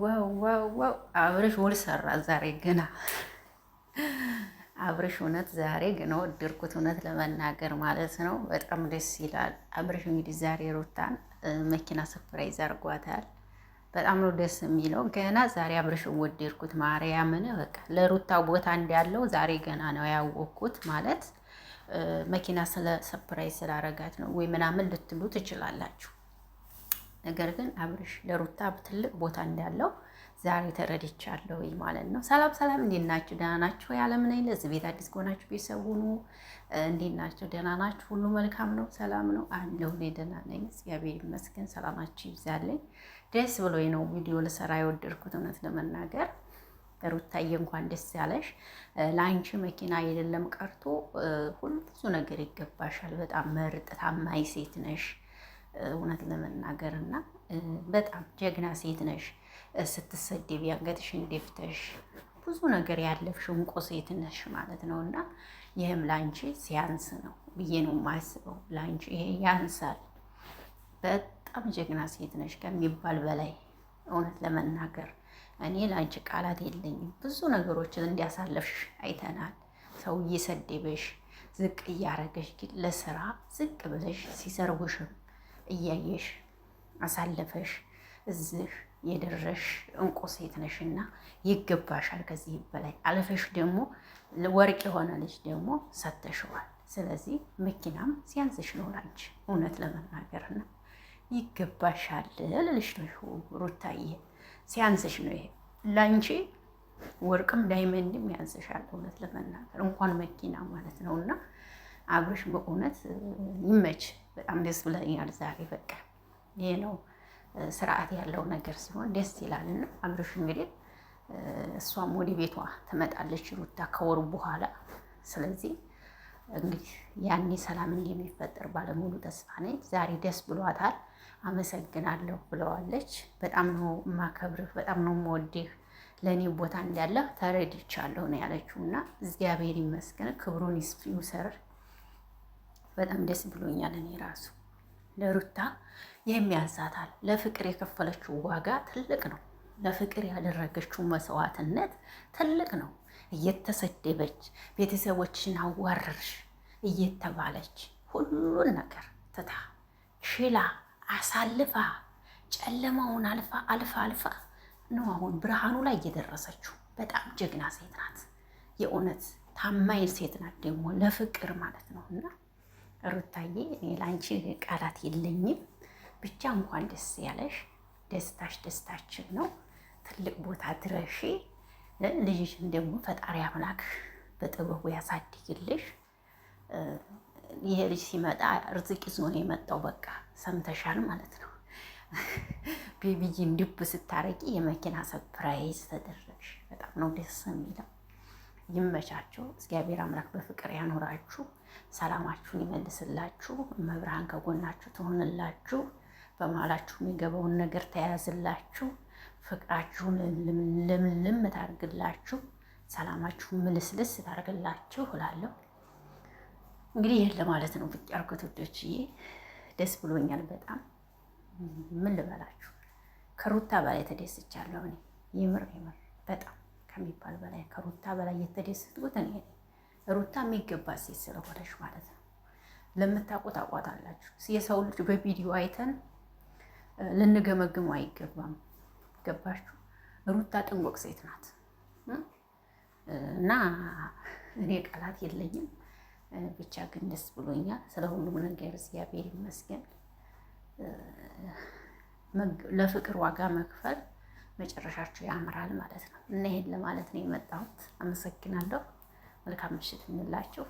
ዋው አብርሽ ውል ሰራ ዛሬ ገና አብርሽ እውነት ዛሬ ግን ወደድኩት፣ እውነት ለመናገር ማለት ነው። በጣም ደስ ይላል። አብረሽ እንግዲህ ዛሬ ሩታን መኪና ስፍራ ይዘርጓታል በጣም ነው ደስ የሚለው። ገና ዛሬ አብርሽ ወደድኩት። ማርያምን በቃ ለሩታ ቦታ እንዳለው ዛሬ ገና ነው ያወቅኩት። ማለት መኪና ስለ ሰፕራይዝ ስላረጋት ነው ወይ ምናምን ልትሉ ትችላላችሁ ነገር ግን አብርሽ ለሩታ ትልቅ ቦታ እንዳለው ዛሬ ተረድቻለሁ ማለት ነው። ሰላም ሰላም፣ እንዴት ናችሁ? ደህና ናችሁ? የዓለምን አይ ለዚህ ቤት አዲስ ከሆናችሁ ቤተሰብ ሁኑ። እንዴት ናችሁ? ደህና ናችሁ? ሁሉ መልካም ነው? ሰላም ነው አለሁ። እኔ ደህና ነኝ፣ እግዚአብሔር ይመስገን። ሰላማችሁ ይብዛልኝ። ደስ ብሎኝ ነው ቪዲዮ ልሰራ የወደድኩት እውነት ለመናገር ሩታዬ እንኳን ደስ ያለሽ። ለአንቺ መኪና አይደለም ቀርቶ ሁሉ ብዙ ነገር ይገባሻል። በጣም መርጥ ታማኝ ሴት ነሽ። እውነት ለመናገር እና በጣም ጀግና ሴት ነሽ። ስትሰደቢ አንገትሽን ደፍተሽ ብዙ ነገር ያለፍሽ እንቁ ሴት ነሽ ማለት ነው እና ይህም ላንቺ ሲያንስ ነው ብዬ ነው የማስበው። ላንቺ ይሄ ያንሳል። በጣም ጀግና ሴት ነሽ ከሚባል በላይ እውነት ለመናገር እኔ ላንቺ ቃላት የለኝም። ብዙ ነገሮችን እንዲያሳለፍሽ አይተናል። ሰው እየሰደበሽ ዝቅ እያረገሽ፣ ግን ለስራ ዝቅ ብለሽ ሲሰርጉሽም እያየሽ አሳለፈሽ እዚህ የደረሽ እንቁ ሴት ነሽና ይገባሻል። ከዚህ በላይ አለፈሽ ደግሞ ወርቅ የሆነ ልጅ ደግሞ ሰተሽዋል። ስለዚህ መኪናም ሲያንስሽ ነው ላንቺ እውነት ለመናገርና ይገባሻል ልልሽ ነው ሩታዬ፣ ሲያንስሽ ነው ይሄ ላንቺ ወርቅም ዳይመንድም ያንስሻል። እውነት ለመናገር እንኳን መኪና ማለት ነው እና አብርሽ በእውነት ይመች። በጣም ደስ ብለኛል ዛሬ። በቃ ይሄ ነው ስርዓት ያለው ነገር ሲሆን ደስ ይላል። እና አብርሽ እንግዲህ እሷም ወደ ቤቷ ትመጣለች ሩታ ከወሩ በኋላ። ስለዚህ እንግዲህ ያኔ ሰላም እንደሚፈጠር ባለሙሉ ተስፋ ነኝ። ዛሬ ደስ ብሏታል። አመሰግናለሁ ብለዋለች። በጣም ነው የማከብርህ፣ በጣም ነው የምወድህ፣ ለእኔ ቦታ እንዳለህ ተረድቻለሁ ነው ያለችው እና እግዚአብሔር ይመስገን ክብሩን ይውሰር። በጣም ደስ ብሎኛል። እኔ ራሱ ለሩታ የሚያዛታል። ለፍቅር የከፈለችው ዋጋ ትልቅ ነው። ለፍቅር ያደረገችው መስዋዕትነት ትልቅ ነው። እየተሰደበች ቤተሰቦችን አዋረርሽ እየተባለች ሁሉን ነገር ትታ ሽላ አሳልፋ ጨለማውን አልፋ አልፋ አልፋ ነው አሁን ብርሃኑ ላይ እየደረሰችው። በጣም ጀግና ሴት ናት። የእውነት ታማኝ ሴት ናት ደግሞ ለፍቅር ማለት ነው እና ሩታዬ እኔ ለአንቺ ቃላት የለኝም። ብቻ እንኳን ደስ ያለሽ። ደስታሽ ደስታችን ነው። ትልቅ ቦታ ድረሺ። ልጅሽን ደግሞ ፈጣሪ አምላክ በጥበቡ ያሳድግልሽ። ይሄ ልጅ ሲመጣ ርዝቅ ይዞ ነው የመጣው። በቃ ሰምተሻል ማለት ነው። ቤቢጂ እንዲብ ስታረቂ የመኪና ሰፕራይዝ ተደረግሽ። በጣም ነው ደስ የሚለው። ይመቻችሁ። እግዚአብሔር አምላክ በፍቅር ያኖራችሁ፣ ሰላማችሁን ይመልስላችሁ፣ መብርሃን ከጎናችሁ ትሆንላችሁ፣ በመሀላችሁ የሚገባውን ነገር ተያያዝላችሁ፣ ፍቅራችሁን ልምልም ታርግላችሁ፣ ሰላማችሁን ምልስልስ ታርግላችሁ እላለሁ። እንግዲህ ይህን ለማለት ነው ብቅ ያልኩት ውዶችዬ፣ ደስ ብሎኛል በጣም ምን ልበላችሁ፣ ከሩታ በላይ ተደስቻለሁ እኔ የምር የምር በጣም ከሚባል በላይ ከሩታ በላይ የተደሰትኩት እኔ ሩታ የሚገባ ሴት ስለሆነች ማለት ነው። ለምታውቁት አቋታላችሁ የሰው ልጅ በቪዲዮ አይተን ልንገመግመው አይገባም። ገባችሁ? ሩታ ጥንቁቅ ሴት ናት እና እኔ ቃላት የለኝም። ብቻ ግን ደስ ብሎኛል ስለ ሁሉም ነገር እግዚአብሔር ይመስገን። ለፍቅር ዋጋ መክፈል መጨረሻቸው ያምራል ማለት ነው። እና ይሄን ለማለት ነው የመጣሁት። አመሰግናለሁ። መልካም ምሽት እንላችሁ።